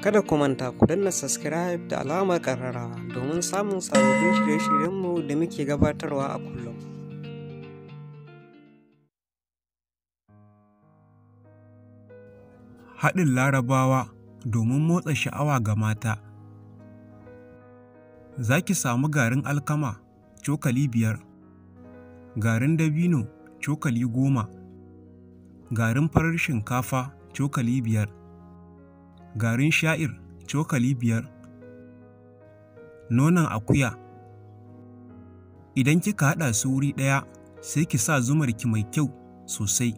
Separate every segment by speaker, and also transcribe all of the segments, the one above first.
Speaker 1: Kada ku manta ku danna subscribe da alamar ƙararrawa domin samun sababbin shirye-shiryenmu da muke gabatarwa a kullum.
Speaker 2: Haɗin Larabawa domin motsa sha'awa ga mata Za ki samu garin alkama cokali biyar, garin dabino cokali goma, garin farar shinkafa cokali biyar. garin sha'ir cokali biyar nonon akuya idan kika haɗa su wuri ɗaya sai ki sa zumar ki mai kyau sosai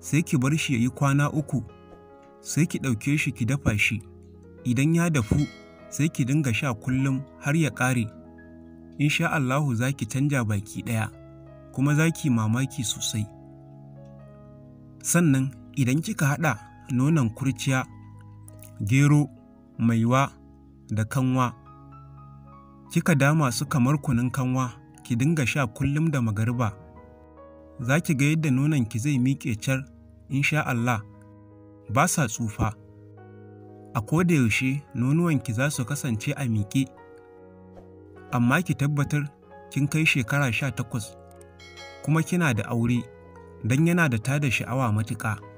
Speaker 2: sai ki bar shi ya yi kwana uku sai ki ɗauke shi ki dafa shi idan ya dafu sai ki dinga sha kullum har ya ƙare insha Allahu za ki canja baki ɗaya kuma za ki mamaki sosai sannan idan kika haɗa nonon kurciya gero, maiwa da kanwa. Kika dama su kamar kunun kanwa, ki dinga sha kullum da magariba. Za ki ga yadda ki zai miƙe car, insha Allah, ba sa tsufa. A koda yaushe ki za su kasance a miƙe, amma ki tabbatar kin kai shekara sha takwas kuma kina da aure don yana da tada sha'awa matuƙa.